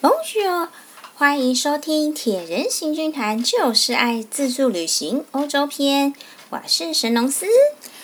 Bonjour，歡迎收聽《鐵人行軍團就是愛自助旅行歐洲篇》。我是神農司，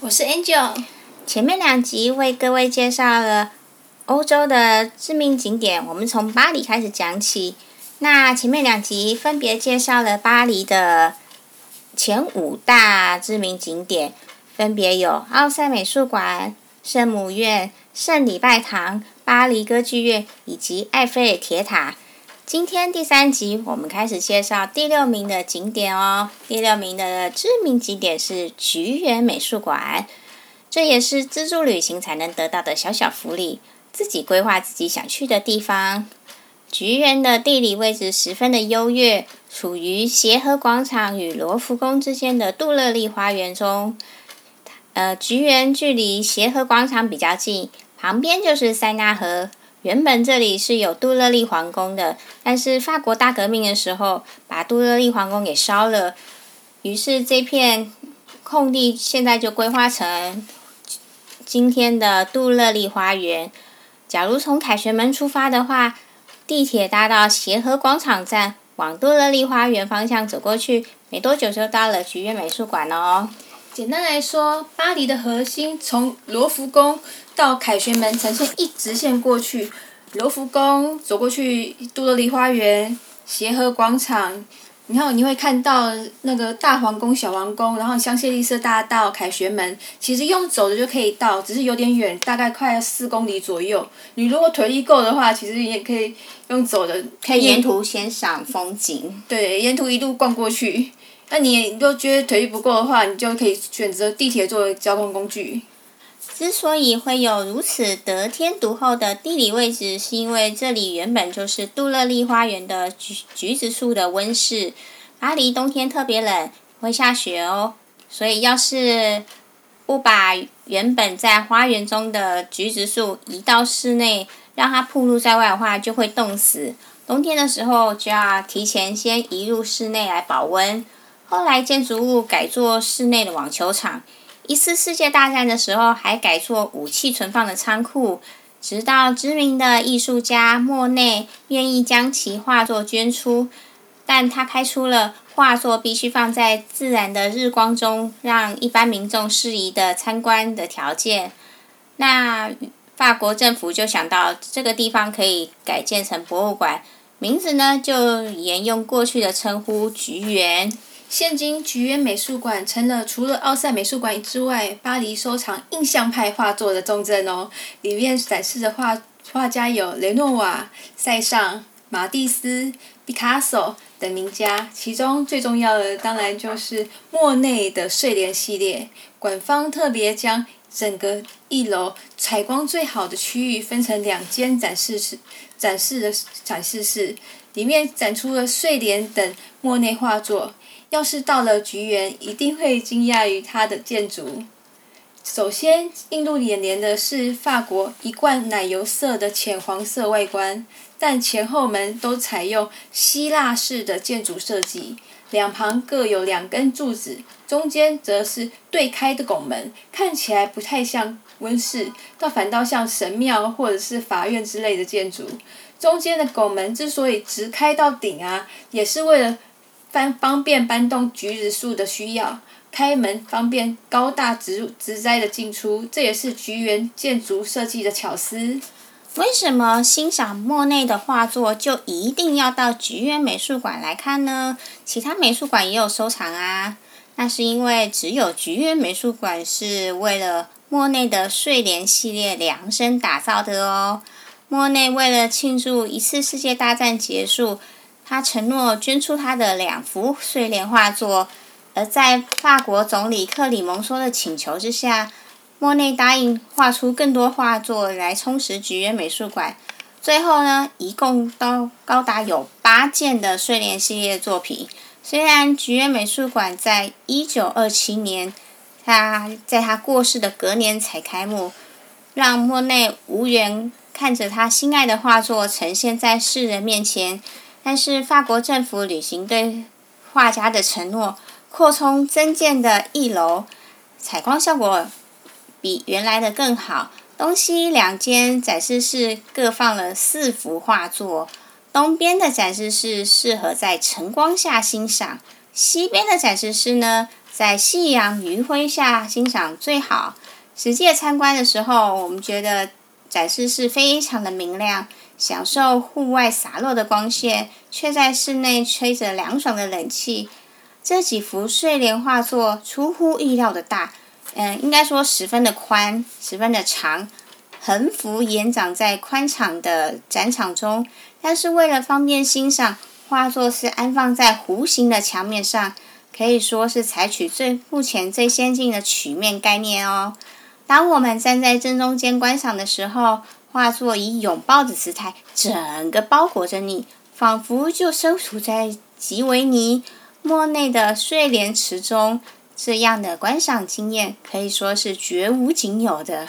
我是 Angel。前面兩集為各位介紹了歐洲的知名景點，我們從巴黎開始講起。那前面兩集分別介紹了巴黎的前五大知名景點，分別有奧賽美術館、聖母院、聖禮拜堂。巴黎歌劇院以及埃菲爾鐵塔。今天第三集，我們開始介紹第六名的景點哦。第六名的知名景點是橘園美術館，這也是自助旅行才能得到的小小福利。自己規劃自己想去的地方。橘園的地理位置十分的優越，屬於協和廣場與羅浮宮之間的杜樂麗花園中。呃，橘園距離協和廣場比較近。旁邊就是塞納河，原本這裡是有杜勒利皇宮的，但是法國大革命的時候把杜勒利皇宮給燒了，於是這片空地現在就規劃成今天的杜勒利花園。假如從凱旋門出發的話，地鐵搭到協和廣場站，往杜勒利花園方向走過去，沒多久就到了橘園美術館了哦。簡單來說，巴黎的核心從羅浮宮。到凱旋門，呈現一直線過去，羅浮宮走過去，杜樂麗花園、協和廣場，然後你會看到那個大皇宮、小皇宮，然後香榭麗舍大道、凱旋門。其實用走的就可以到，只是有點遠，大概快四公里左右。你如果腿力夠的話，其實你也可以用走的。可以沿途欣賞風景。對，沿途一路逛過去。那你都覺得腿力不夠的話，你就可以選擇地鐵作為交通工具。之所以會有如此得天獨厚的地理位置，是因為這裡原本就是杜樂麗花園的橘橘子樹的溫室。巴黎冬天特別冷，會下雪哦，所以要是不把原本在花園中的橘子樹移到室內，讓它暴露在外的話，就會凍死。冬天的時候就要提前先移入室內來保溫。後來建築物改做室內的網球場。一次世界大戰的時候，還改做武器存放的倉庫，直到知名的藝術家莫內願意將其畫作捐出，但他開出了畫作必須放在自然的日光中，讓一般民眾適宜的參觀的條件。那法國政府就想到這個地方可以改建成博物館，名字呢就沿用過去的稱呼“橘園”。現今，橘園美術館成了除了奧賽美術館之外，巴黎收藏印象派畫作的重鎮哦。裡面展示的畫畫家有雷諾瓦、塞尚、馬蒂斯、畢卡索等名家，其中最重要的當然就是莫內的睡蓮系列。館方特別將整個一樓採光最好的區域分成兩間展示室，展示的展示室裡面展出了睡蓮等莫內畫作。要是到了橘園，一定會驚訝於它的建築。首先映入眼簾的是法國一貫奶油色的淺黃色外觀，但前後門都採用希臘式的建築設計，兩旁各有兩根柱子，中間則是對開的拱門，看起來不太像溫室，倒反倒像神廟或者是法院之類的建築。中間的拱門之所以直開到頂啊，也是為了。方便搬動橘子樹的需要，開門方便高大植植栽的進出，這也是橘園建築設計的巧思。為什麼欣賞莫內的畫作就一定要到橘園美術館來看呢？其他美術館也有收藏啊。那是因為只有橘園美術館是為了莫內的睡蓮系列量身打造的哦。莫內為了慶祝一次世界大戰結束，他承諾捐出他的兩幅睡蓮畫作，而在法國總理克里蒙梭的請求之下，莫內答應畫出更多畫作來充實橘園美術館。最後呢，一共高高達有八件的睡蓮系列作品。雖然橘園美術館在一九二七年他在他過世的隔年才開幕，讓莫內無緣看着他心愛的畫作呈現在世人面前。但是法國政府履行對畫家的承諾，擴充增建的一樓，採光效果比原來的更好。東西兩間展示室各放了四幅畫作，東邊的展示室適合在晨光下欣賞，西邊的展示室呢，在夕陽餘暉下欣賞最好。實際參觀的時候，我們覺得展示室非常的明亮。享受戶外灑落的光線，卻在室內吹着涼爽的冷氣。這幾幅睡蓮畫作出乎意料的大，嗯，應該說十分的寬，十分的長，橫幅延長在寬敞的展場中。但是為了方便欣賞，畫作是安放在弧形的牆面上，可以說是採取最目前最先進的曲面概念哦。當我們站在正中間觀賞的時候。化作以擁抱的姿態，整個包裹着你，仿佛就身處在吉維尼莫內的睡蓮池中。這樣的觀賞經驗可以說是絕無僅有的。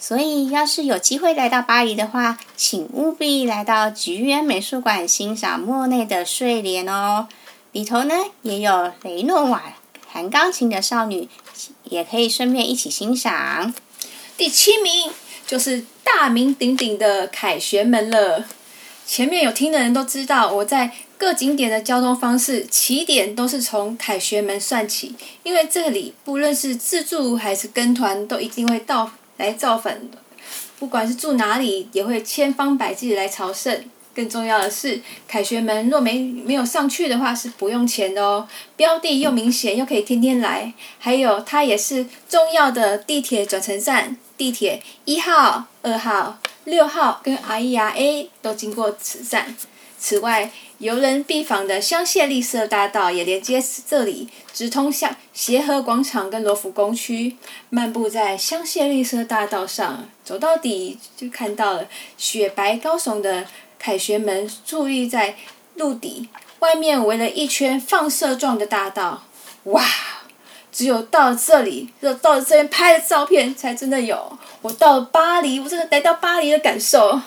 所以，要是有機會來到巴黎的話，請務必來到橘園美術館欣賞莫內的睡蓮哦。裡頭呢，也有雷諾瓦彈鋼琴的少女，也可以順便一起欣賞。第七名，就是大名鼎鼎的凱旋門了。前面有聽的人都知道，我在各景點的交通方式起點都是從凱旋門算起，因為這裡不論是自助還是跟團，都一定會到來造訪。不管是住哪裡，也會千方百計來朝聖。更重要的是，凱旋門若沒沒有上去的話是不用錢的哦，標的又明顯，又可以天天來。還有，它也是重要的地鐵轉乘站。地鐵一號、二號、六號跟 RER A 都經過此站。此外，遊人必訪的香榭麗舍大道也連接這裡，直通向協和廣場跟羅浮宮區。漫步在香榭麗舍大道上，走到底就看到了雪白高聳的凱旋門矗立在路底，外面圍了一圈放射狀的大道。哇！只有到了這裡，只有到了這邊拍的照片，才真的有。我到了巴黎，我真的來到巴黎的感受。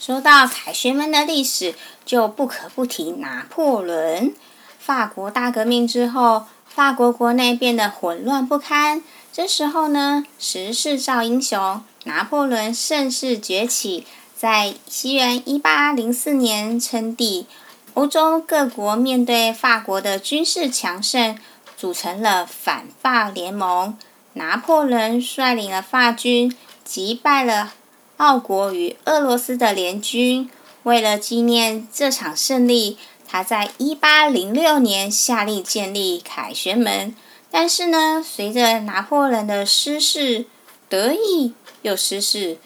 說到凱旋門的歷史，就不可不提拿破崙。法國大革命之後，法國國內變得混亂不堪。這時候呢，時勢造英雄，拿破崙盛世崛起，在西元一八零四年稱帝。歐洲各國面對法國的軍事強盛。組成了反法聯盟，拿破崙率領了法軍擊敗了奧國與俄羅斯的聯軍。為了紀念這場勝利，他在一八零六年下令建立凱旋門。但是呢，隨着拿破崙的失勢，得意又失勢。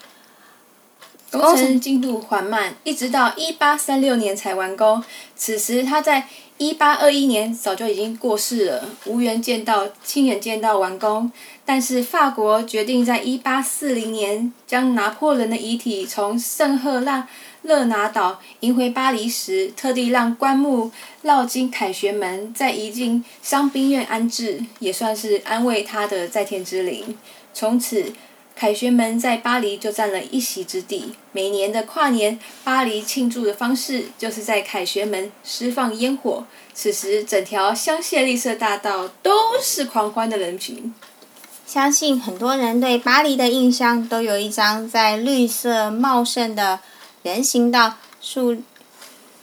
工程進度緩慢，一直到一八三六年才完工。此時，他在一八二一年早就已經過世了，無緣見到，親眼見到完工。但是，法國決定在一八四零年將拿破崙的遺體從聖赫勒拿島迎回巴黎時，特地讓棺木繞經凱旋門，再移進傷兵院安置，也算是安慰他的在天之靈。從此。凱旋門在巴黎就佔了一席之地。每年的跨年，巴黎慶祝的方式就是在凱旋門釋放煙火。此時，整條香榭麗舍大道都是狂歡的人群。相信很多人對巴黎的印象都有一張在綠色茂盛的人行道樹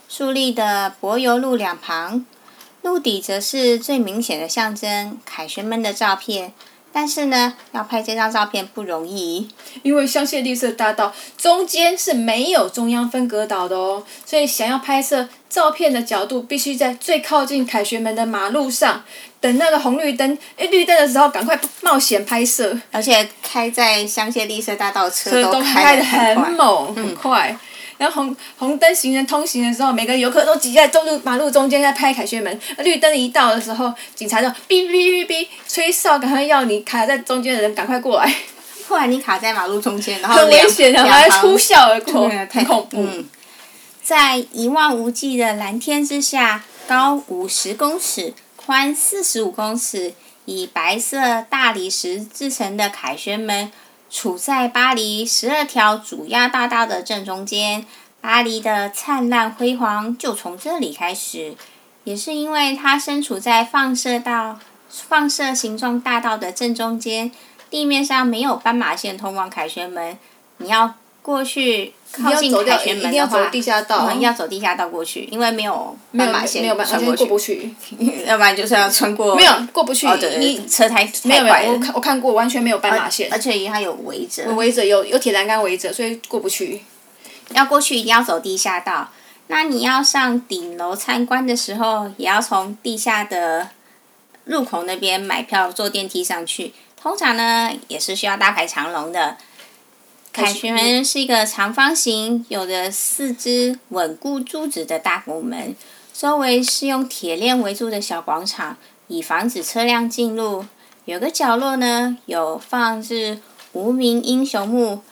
樹立的柏油路兩旁，路底則是最明顯的象徵——凱旋門的照片。但是呢，要拍這張照片不容易，因為香榭麗舍大道中間是沒有中央分隔島的哦，所以想要拍攝照片的角度，必須在最靠近凱旋門的馬路上，等那個紅綠燈一綠燈的時候，趕快冒險拍攝。而且開在香榭麗舍大道車都開，都開得很猛，很快。嗯然後紅紅燈，行人通行的時候，每個遊客都擠在中路馬路中間在拍凱旋門。綠燈一到的時候，警察就嗶嗶嗶嗶吹哨，趕快要你卡在中間的人趕快過來。不然你卡在馬路中間，然後很危險，然後還呼嘯而過，太恐怖。在一望無際的藍天之下，高五十公尺，寬四十五公尺，以白色大理石製成的凱旋門。處在巴黎十二條主要大道的正中間，巴黎的燦爛輝煌就從這裡開始。也是因為它身處在放射道、放射形狀大道的正中間，地面上沒有斑馬線通往凱旋門，你要過去，靠近凱旋門一要走地下道，我、嗯、們要走地下道過去，因為沒有斑馬線穿過去，過不去 要不然就是要穿過。沒有過不去，哦、你車胎，沒有，沒有我看我我看過完全沒有斑馬線，啊、而且它有圍着，圍着有有鐵欄杆圍着，所以過不去。要過去一定要走地下道。那你要上頂樓參觀的時候，也要從地下的入口那邊買票坐電梯上去。通常呢，也是需要大排長龍的。凱旋門是一個長方形，有着四支穩固柱子的大拱門，周圍是用鐵鏈圍住的小廣場，以防止車輛進入。有個角落呢，有放置無名英雄墓，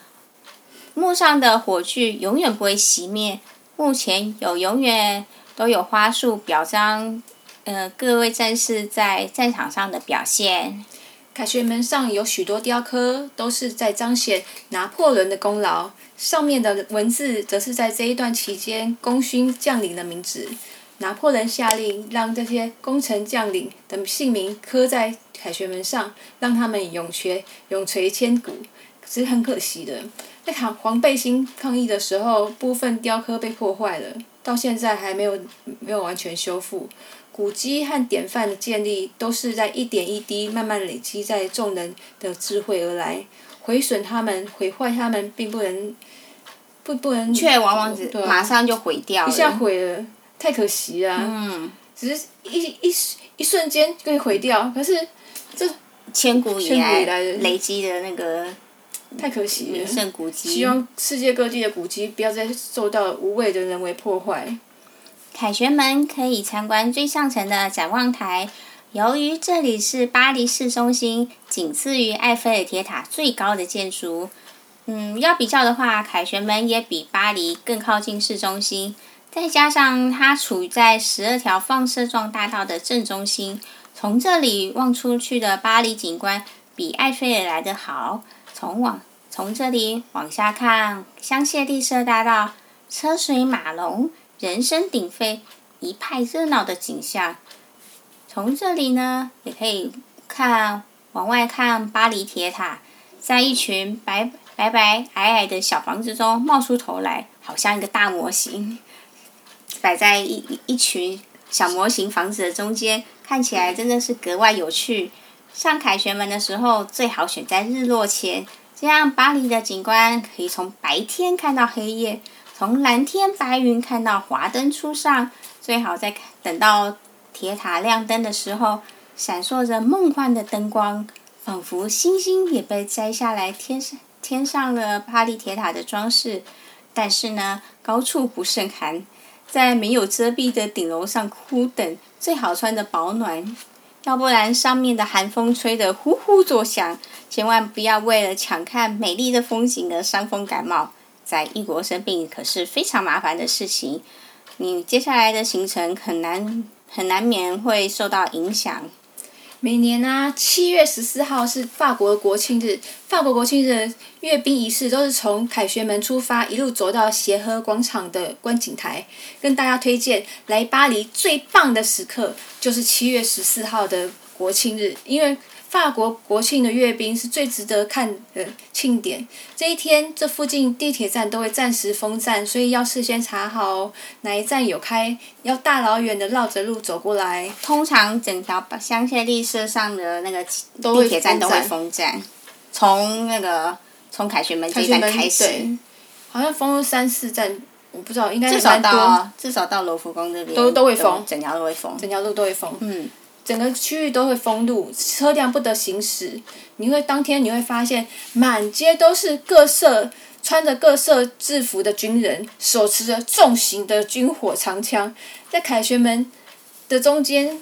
墓上的火炬永遠不會熄滅。目前有永遠都有花束表彰，呃、各位戰士在戰場上的表現。凱旋門上有許多雕刻，都是在彰顯拿破崙的功勞。上面的文字則是在這一段期間功勳將領的名字。拿破崙下令讓這些功臣將領的姓名刻在凱旋門上，讓他們永垂永垂千古。可是很可惜的，在黃黃背心抗議的時候，部分雕刻被破壞了，到現在還沒有沒有完全修復。古蹟和典範的建立，都是在一點一滴，慢慢累積在眾人的智慧而來。毀損他們，毀壞他們，並不能，不不能，卻往往只馬上就毀掉。一下毀了，太可惜了。嗯。只是一一,一瞬一瞬間就可以毀掉，可是這千古以來累積的那個，太可惜了。名勝古蹟。希望世界各地的古蹟不要再受到無謂的人為破壞。凱旋門可以參觀最上層的展望台。由於這裡是巴黎市中心，僅次於埃菲爾鐵塔最高的建築。嗯，要比較的話，凱旋門也比巴黎更靠近市中心。再加上它處在十二條放射狀大道的正中心，從這裡望出去的巴黎景觀比埃菲爾來得好。從往從這裡往下看，香榭麗舍大道車水馬龍。人聲鼎沸，一派熱鬧的景象。從這裡呢，也可以看往外看巴黎鐵塔，在一群白白白矮矮的小房子中冒出頭來，好像一個大模型，擺在一一群小模型房子的中間，看起來真的是格外有趣。上凱旋門的時候，最好選在日落前，這樣巴黎的景觀可以從白天看到黑夜。從藍天白雲看到華燈初上，最好在等到鐵塔亮燈的時候，閃爍着夢幻的燈光，仿佛星星也被摘下來，添上添上了巴黎鐵塔的裝飾。但是呢，高處不勝寒，在沒有遮蔽的頂樓上苦等，最好穿着保暖，要不然上面的寒風吹得呼呼作響，千萬不要為了搶看美麗的風景而傷風感冒。在異國生病可是非常麻煩的事情，你、嗯、接下來的行程很難很難免會受到影響。每年呢、啊，七月十四號是法國國慶日，法國國慶日的閱兵儀式都是從凱旋門出發，一路走到協和廣場的觀景台。跟大家推薦，來巴黎最棒的時刻就是七月十四號的國慶日，因為。法國國慶的閱兵是最值得看的慶典。這一天，這附近地鐵站都會暫時封站，所以要事先查好哪一站有開。要大老遠的繞着路走過來，通常整條把香榭麗舍上的那個地鐵站都會封站，封站從那個從凱旋門這邊開始。對，好像封了三四站，我不知道應該。至少到至少到羅浮宮這邊。都都會封。整條都會封。整條路都會封。嗯。整個區域都會封路，車輛不得行駛。你會當天你會發現，滿街都是各色穿着各色制服的軍人，手持着重型的軍火長槍，在凱旋門的中間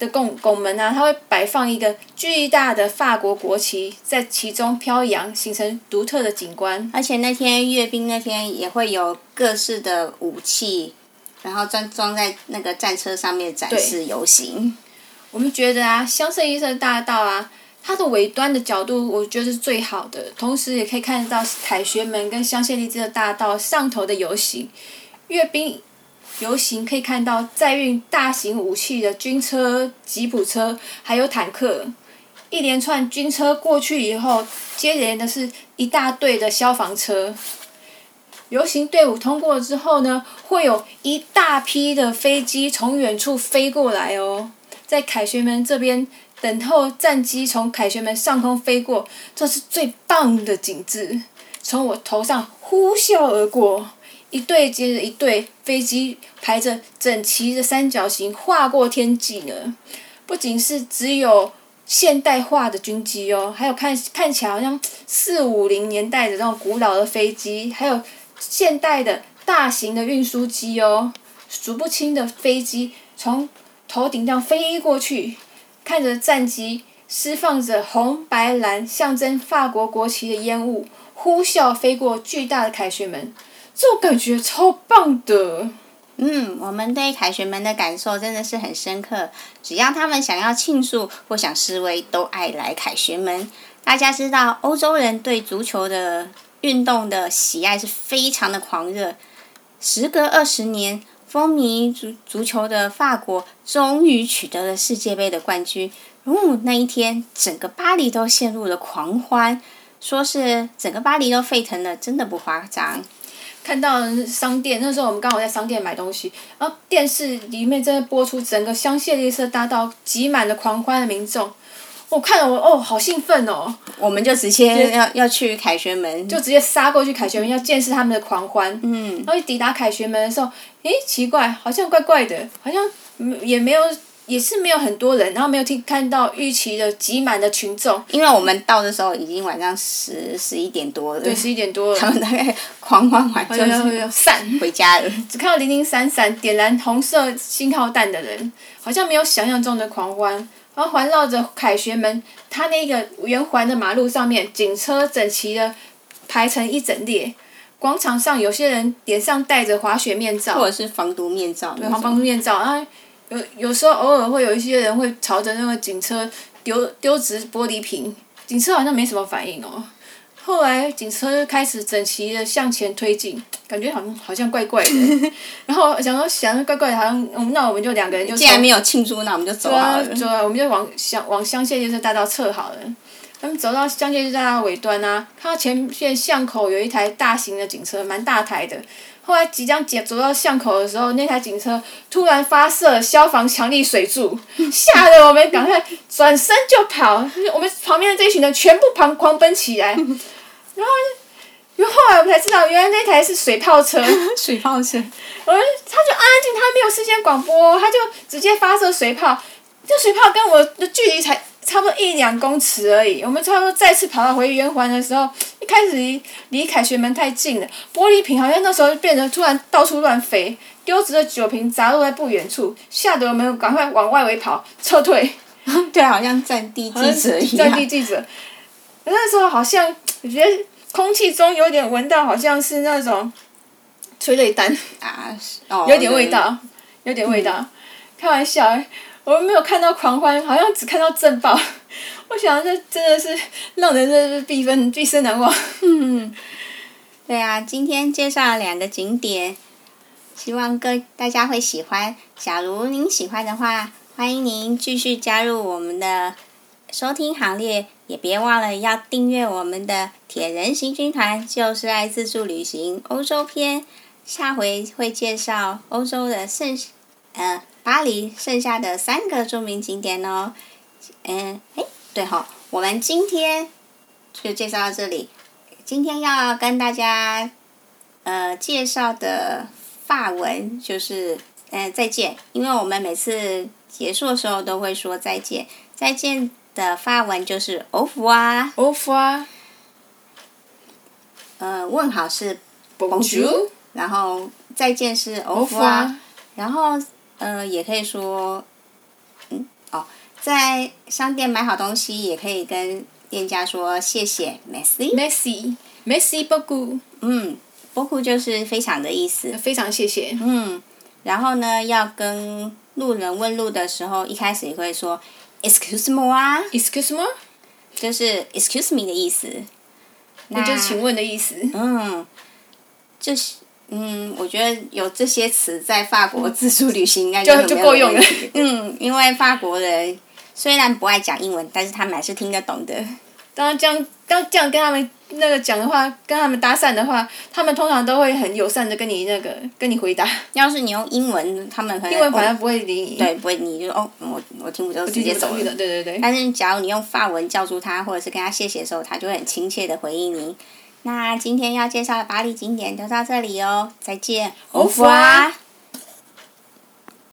的拱拱門啊，他會擺放一個巨大的法國國旗，在其中飄揚，形成獨特的景觀。而且那天閱兵那天也會有各式的武器，然後裝裝在那個戰車上面展示遊行。我們覺得啊，香榭麗舍的大道啊，它的尾端的角度，我覺得是最好的。同時，也可以看到凱旋門跟香榭麗舍的大道上頭的遊行、閱兵、遊行，可以看到載運大型武器的軍車、吉普車，還有坦克。一連串軍車過去以後，接連的是一大隊的消防車。遊行隊伍通過了之後呢，會有一大批的飛機從遠處飛過來哦。在凱旋門這邊等候戰機從凱旋門上空飛過，這是最棒的景致，從我頭上呼嘯而過，一隊接着一隊飛機排着整齊的三角形劃過天際呢。不僅是只有現代化的軍機哦，還有看看起來好像四五零年代的那種古老的飛機，還有現代的大型的運輸機哦，數不清的飛機從。頭頂上飛過去，看着戰機釋放着紅白藍象徵法國國旗的煙霧，呼嘯飛過巨大的凱旋門，這種感覺超棒的。嗯，我們對凱旋門的感受真的是很深刻。只要他們想要慶祝或想示威，都愛來凱旋門。大家知道，歐洲人對足球的運動的喜愛是非常的狂熱。時隔二十年，風靡足足球的法國終於取得了世界盃的冠軍，嗯、那一天整個巴黎都陷入了狂歡，說是整個巴黎都沸騰了，真的不誇張。看到商店，那時候我們剛好在商店買東西，然後、啊、電視裡面在播出整個香榭麗舍大道擠滿了狂歡的民眾。我看了我，我哦，好興奮哦！我們就直接要要去凱旋門，就直接殺過去凱旋門，嗯，要見識他們的狂歡。嗯。然後一抵達凱旋門的時候，誒、欸，奇怪，好像怪怪的，好像也沒有，也是沒有很多人，然後沒有聽看到預期的擠滿的群眾。因為我們到的時候已經晚上十十一點多了。對，十一點多了。他們大概狂歡完就是散回家了。 只看到零零散散點燃紅色信號彈的人，好像沒有想象中的狂歡。然後環繞着凱旋門，它那個圓環的馬路上面，警車整齊的排成一整列。廣場上有些人臉上戴着滑雪面罩，或者是防毒面罩。對，防毒面罩啊，然後有有時候偶爾會有一些人會朝着那個警車丟丟紙玻璃瓶，警車好像沒什麼反應哦。後來警車開始整齊的向前推進，感覺好像好像怪怪的。 然後想說，想着怪怪的，好像我們、嗯、那我們就兩個人就既然沒有慶祝，那我們就走了。走、啊啊，我們就往往鄉間就是帶到側好了。他們走到鄉間就在那尾端啊，看到前面巷口有一台大型的警車，蠻大台的。後來即將走走到巷口的時候，那台警車突然發射消防強力水柱，嚇得我們趕快轉身就跑。我們旁邊的這一群人全部狂狂奔起來。 然後，因為後來我才知道，原來那台是水炮車。 水炮車，呃，他就安靜，他沒有事先廣播，他就直接發射水炮。這水炮跟我的距離才差不多一兩公尺而已。我們差不多再次跑到回圓環的時候，一開始離凱旋門太近了，玻璃瓶好像那時候變得突然到處亂飛，丟着的酒瓶砸落在不遠處，嚇得我們趕快往外圍跑，撤退。 對啊，好像戰地記者一樣。戰地記者，那時候好像我覺得。空氣中有點聞到，好像是那種催淚彈啊、哦，有點味道，有點味道。開、嗯、玩笑、欸，我沒有看到狂歡，好像只看到震爆。我想這真的是讓人這是畢生畢生難忘呵呵。對啊，今天介紹了兩個景點，希望各大家會喜歡。假如您喜歡的話，歡迎您繼續加入我們的。收聽行列，也別忘了要訂閱我們的《鐵人行軍團》，就是愛自助旅行歐洲篇。下回會介紹歐洲的剩，呃，巴黎剩下的三個著名景點哦。嗯，哎，對哈，我們今天就介紹到這裡。今天要跟大家呃介紹的法文就是嗯、呃、再見，因為我們每次結束的時候都會說再見再見。的法文就是 Au revoir 啊，Au revoir 啊，嗯、呃，問好是 Bonjour，然後再見是 Au revoir 啊，然後，呃，也可以說，嗯，哦，在商店買好東西，也可以跟店家說謝謝 Merci，Merci，Merci beaucoup 嗯。嗯，beaucoup 就是非常的意思。非常謝謝。嗯，然後呢，要跟路人問路的時候，一開始也會說。Excuse me，哇！Excuse me，就是 Excuse me 的意思。那、嗯、就是請問的意思。嗯，就是嗯，我覺得有這些詞在法國自助旅行應該就很就夠用了。嗯，因為法國人雖然不愛講英文，但是他們還是聽得懂的。當然，這樣。當這樣跟他們那個講的話，跟他們搭訕的話，他們通常都會很友善的跟你那個跟你回答。要是你用英文，他們英文好像不會理你、哦。對，不會，你就是、哦，我我聽不懂事事，直接走一個。對，對對對。但是，假如你用法文叫住他，或者是跟他謝謝的時候，他就會很親切的回應你。那今天要介紹的巴黎景點就到這裡哦，再見。福巴。